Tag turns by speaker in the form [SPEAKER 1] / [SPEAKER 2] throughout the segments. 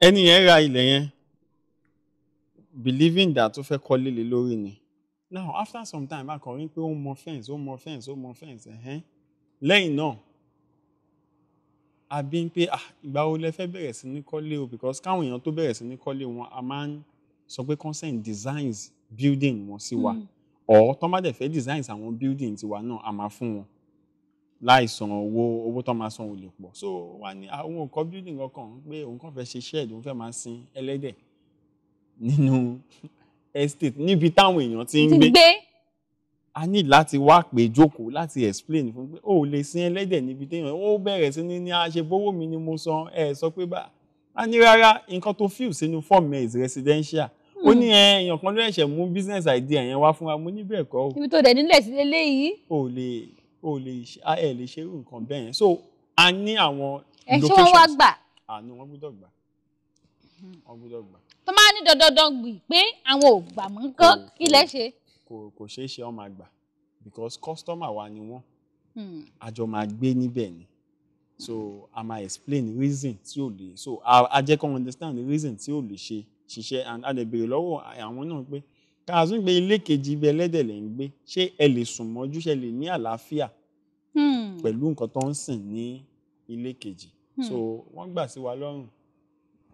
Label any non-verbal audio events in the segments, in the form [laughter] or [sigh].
[SPEAKER 1] ẹni yẹn ra ilẹ̀ yẹn believing that ó fẹ́ kọ́lé lé lórí ni now after some time a kàn rí pé ó mọ fence ó mọ fence ó mọ fence ẹ̀hẹ́n lẹ́yìn náà a bí pé ah ìgbà wo lẹ fẹ́ bẹ̀rẹ̀ sí ní kọ́lé o because káwọn èèyàn tó bẹ̀rẹ̀ sí ní kọ́lé wọn a máa ń sọ pé consent designs building wọn sí wa ọ̀ hmm. tọ́mádẹ̀ fẹ́ designs àwọn building tiwa náà a máa fún wọn láìsan owó owó tó máa san ò lè pọ̀ so wà ní àwọn nǹkan building ọkàn pé òun kàn fẹ́ ṣe shed òun fẹ́ máa sin ẹlẹ́dẹ̀ nínú [laughs] estate níbi táwọn èèyàn ti ń gbé a ní láti wá pé jókòó láti explain fún pé o ò lè sin ẹlẹ́dẹ̀ níbi téèyàn ó bẹ̀rẹ̀ sí ní ní àṣebówó mi ni mo san ẹ sọ pé bá a ní rárá nǹkan tó fíù sínú fọ́ọ̀mù ẹ̀ is residential ó hmm. ní èèyàn kan ló ẹ̀ṣẹ̀ mú business idea yẹn wá fún wa mo ní bẹ́ẹ̀ kọ́ o. ibi
[SPEAKER 2] tó dẹ̀ nílẹ̀ sí eléyìí.
[SPEAKER 1] o lè o lè ẹ lè ṣe irú nǹkan bẹ́ẹ̀ yẹn so a ní àwọn locations. ẹ ṣé wọn wá
[SPEAKER 2] gbà. àánú wọn gbúdọ̀ gbà wọn gbúdọ̀ gbà. tó máa ní dandandan gbì pé àwọn ò gbà mọ́ nǹkan kí lẹ ṣe.
[SPEAKER 1] kò kò ṣeé ṣe wọn máa gbà because customer wa ni wọn àjọ hmm. máa gbé níbẹ̀ ni so a máa explain reason tí ò lè so a jẹ́ kó understand the reason tí ò lè ṣe ṣiṣẹ́ and a lè béèrè lọ́wọ́ àwọn náà pé ká tún gbé ilé kejì ibi ẹlẹ́dẹ̀ lè ń gbé ṣé ẹ lè sùn mọ́jú ṣe lè ní àlàáfíà hmm. pẹ̀lú nǹkan tó ń sìn ní ilé kejì hmm. so wọ́n gbà sí wa lọ́rùn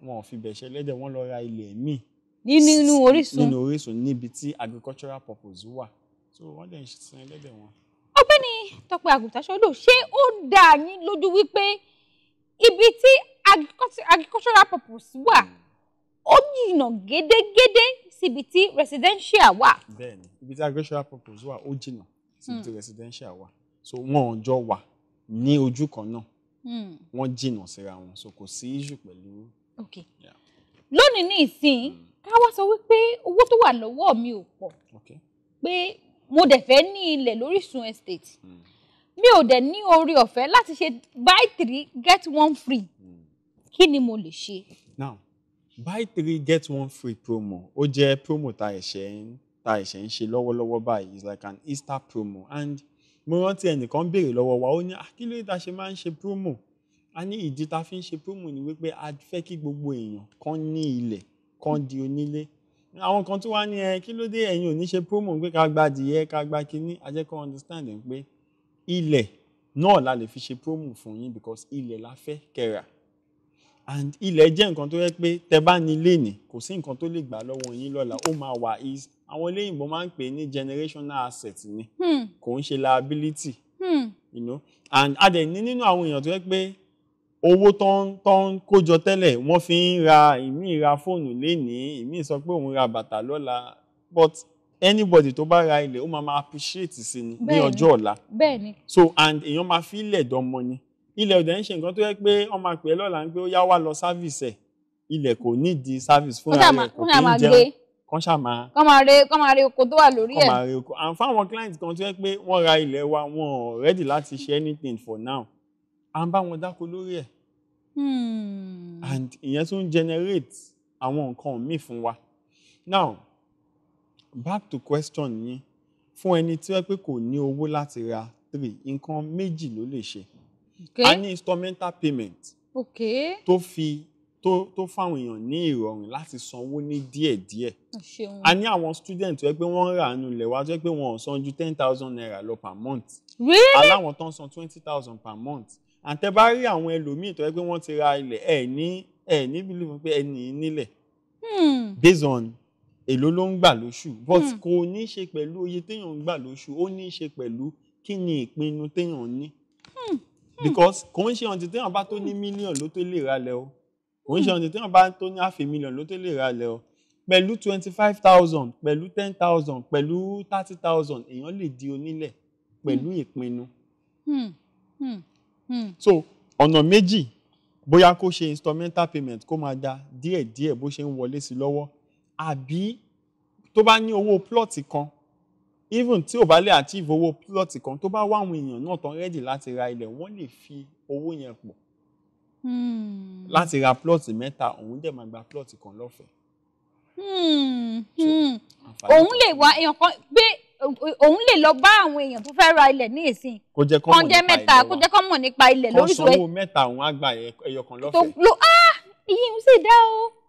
[SPEAKER 1] wọn ò fi bẹ̀ṣẹ̀ lẹ́dẹ̀ wọ́n lọ ra ilẹ̀ míì nínú orísun nínú orísun níbi tí agricultural purpose wà so wọ́n dẹ̀ ń sin ẹlẹ́dẹ̀ wọn.
[SPEAKER 2] ọ̀gbẹ́ni Tọ́pẹ́ Àgùntàṣọ́lò ṣé ó dá yín lójú wípé ibi tí agricultural purpose wà. Hmm jìnnà gédégédé síbi tí residential wà.
[SPEAKER 1] bẹ́ẹ̀ni ibi tí agricultural purpose wà ó jìnnà síbi tí hmm. residential wà so wọn ò jọ wà ní ojú kan náà hmm. wọn jìnnà síra wọn so kò sí issue pẹ̀lú.
[SPEAKER 2] okay lónìí ní ìsìn hmm. ká wá sọ wípé owó tó wà lọ́wọ́ mi ò pọ̀ pé mo dẹ̀ fẹ́ ní ilẹ̀ lórísun estate mi ò dẹ̀ ní oore ọ̀fẹ́ láti ṣe buy three get one free kí ni mo lè ṣe.
[SPEAKER 1] now buy three get one free promo ó jẹ́ promo ta ẹ̀ṣẹ̀ ń ta ẹ̀ṣẹ̀ ń ṣe lọ́wọ́lọ́wọ́ báyìí it's like an Easter promo and mo rántí ẹnìkan béèrè lọ́wọ́ wa ó ní akílóye ah, ta ṣe máa ń ṣe promo a ní ìdí ta fi ń ṣe promo ni wípé a fẹ́ kí gbogbo èèyàn kan ní ilẹ̀ kan di onílé àwọn kan tó wá ní ẹ kí ló dé ẹ̀yin ò ní ṣe promo pé ká gba adìyẹ ká gba kínní ajẹ́kọ́ understand pé ilẹ̀ náà la lè fi ṣe promo fún yín because ilẹ̀ la fẹ́ kẹ́ra and ilẹ̀ jẹ́ nǹkan tó yẹ pé tẹ bá ní lénìí kò sí nǹkan tó lè gbà lọ́wọ́ yín lọ́la ó máa wà is àwọn eléyìnbó máa ń pè ní generational asset ni hmm. kò ń ṣe liability hmm. you know and adẹ̀ ní nínú àwọn èèyàn tó yẹ pé owó tó ń tó ń kójọ tẹ́lẹ̀ wọ́n fi ń ra ìmí ra fóònù lénìí ìmí sọ pé òun ra bàtà lọ́la but anybody tó bá ra ilẹ̀ ó máa máa appreciate sí ni ní ọjọ́ ọ̀la so and èèyàn máa fi ilẹ̀ dánmọ́ ni ilẹ̀ òdẹ̀ ń ṣe nǹkan tó yẹ pé wọ́n máa pè é lọ́la ń pé ó yá wá lọ sáfìsì ẹ̀ ilẹ̀ kò nídìí sáfìsì fúnra rẹ̀ kò kí ń jẹun kán ṣáà máa. kán máa
[SPEAKER 2] re kán máa re oko tó wà lórí ẹ̀. kán máa
[SPEAKER 1] re oko and fáwọn client kan tó yẹ pé wọ́n ra ilẹ̀ wa wọn ò ready láti ṣe anything for now à ń bá wọn dáko lórí ẹ̀.
[SPEAKER 2] Hmm.
[SPEAKER 1] and ìyẹn tún generate àwọn nǹkan míì fún wa now back to question yín fún ẹni tí wọ́n pé kò ní owó láti ra three nǹkan méjì ló lè ṣe okay. a ní instrumental payment
[SPEAKER 2] okay.
[SPEAKER 1] tó fi tó tó fáwọn èèyàn ní ìrọ̀rùn láti sanwó ní díẹ̀díẹ̀ a ní àwọn student tó yẹ pé wọ́n rà nù lẹ̀ wá tó pé wọ́n san ju ten thousand naira lọ per month really? aláwọn tó ń san twenty thousand per month àtẹ bá rí àwọn ẹlòmíì tó yẹ pé wọ́n ti ra ilẹ̀ ẹ̀ ní ẹ̀ ní bílíọ̀nù pé ẹ̀ ní nílẹ̀ hmm. based on èló ló ń gbà lóṣù but hmm. kò ní í ṣe pẹ̀lú oye téèyàn ń gbà lóṣù ó ní í ṣe pẹ̀lú kí ni ìpinnu téèyàn ní. Hmm. because kò ń ṣe ọ̀nà téèyàn bá tó ní mílíọ̀nù ló tó lè ra lẹ̀ o kò ń ṣe ọ̀nà téèyàn bá tó ní àfi mílíọ̀nù ló tó lè ra lẹ̀ o pẹ̀lú twenty five thousand pẹ̀lú ten thousand pẹ̀lú thirty thousand èèyàn lè di onílẹ̀ pẹ̀lú hmm. ìpinnu.
[SPEAKER 2] Hmm.
[SPEAKER 1] so ọ̀nà méjì bóyá kó ṣe instrumental payment kó máa da díẹ̀díẹ̀ bó ṣe ń wọlé sí lọ́wọ́ àbí tó bá ní owó plọ̀tì kan even tí ò bá lè achieve owó plọ́ọ̀tì kan tó bá wá àwọn èèyàn náà tán rẹ́dì láti ra ilẹ̀ wọ́n lè fi owó yẹn pọ̀
[SPEAKER 2] hmm. láti
[SPEAKER 1] ra plọ́ọ̀tì mẹ́ta òun dẹ̀ máa gba plọ́ọ̀tì kan lọ́fẹ̀ẹ́.
[SPEAKER 2] Hmm, hmm. òun lè wá èèyàn kan gbé òun lè lọ bá àwọn èèyàn tó fẹ́ ra ilẹ̀ ní ìsìn kó jẹ́ kọ́ mọ̀ nípa ilẹ̀ wa kó jẹ́ kọ́ mọ̀ nípa ilẹ̀ lóríṣiríṣi. kọ́sánwó
[SPEAKER 1] mẹ́ta òun á gba ẹyọ lọ́fẹ̀ẹ́.
[SPEAKER 2] Ah!